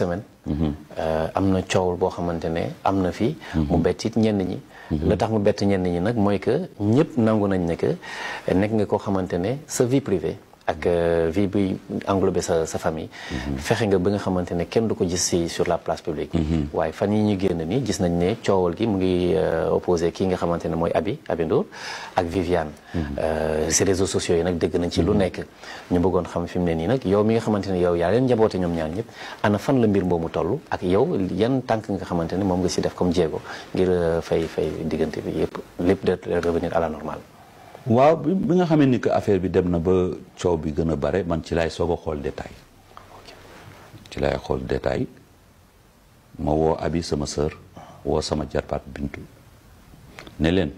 semaine mhm. euh, am na coowul boo xamante ne am na fi mhm. mu bett it ñenn ñi mhm. la tax mu bett ñenn ñi nag mooy que ñëpp nangu nañ ne que nekk nga koo xamante ne sa ak euh, vie bi englobé sa sa famille. Mhm. fexe nga ba nga xamante ne kenn du ko gis si sur la place publique. Mhm. waaye fan yi ñu génn nii gis nañ ne coowal gi mu ngi euh, opposé kii nga xamante ne mooy Abi Abi Ndour ak Viviane. Mhm. Euh, si réseaux sociaux yi nag dégg nañ ci lu nekk. ñu bëggoon xam fi mu ne nii nag yow mi nga xamante ne yow yaa leen njaboote ñoom ñaar ñëpp ana fan la mbir moomu toll ak yow yan tànk nga xamante ne moom nga si def comme jéego ngir fay fay diggante bi yëpp lépp de revenir à la waaw bi nga xamee ni que affaire bi dem na ba coow bi gën a bare man ci laay soog a xool détail ci laay xool détail ma woo abi sama sœur woo sama jarbaat bintu ne leen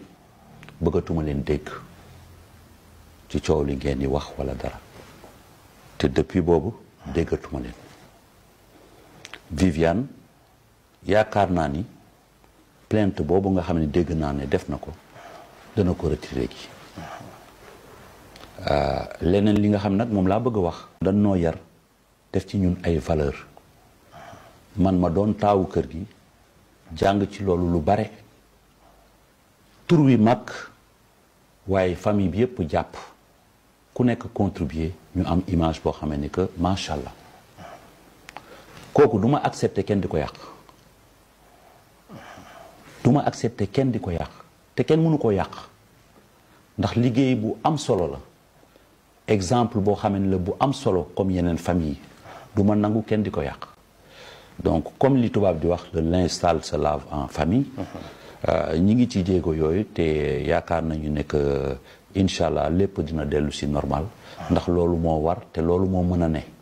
bëggatuma leen dégg ci coow li ngeen di wax walla dara te depuis boobu déggatuma leen Viviane yaakaar naa ni plainte boobu nga xam ne dégg naa ne def na ko dana ko retiré gi Euh, leneen li nga xam nag moom laa bëgg a wax. dañ noo yar def ci ñun ay valeur man ma doon taawu kër gi jàng ci loolu lu bare tur wi mag waaye famille bi yëpp jàpp ku nekk contribuer ñu am image boo xamee ni que macha allah kooku duma ma kenn di ko yàq du ma accepter kenn di ko yàq te kenn mënu koo yàq. ndax liggéey bu am solo la exemple boo xam ne la bu am solo comme yeneen famille du ma nangu kenn di ko yàq donc comme li tubaab di wax le linge sale se en famille euh, ñi ngi ci jéego yooyu te yaakaar nañu ne que incha allah lépp dina dellu si normal ndax loolu moo war te loolu moo mën a ne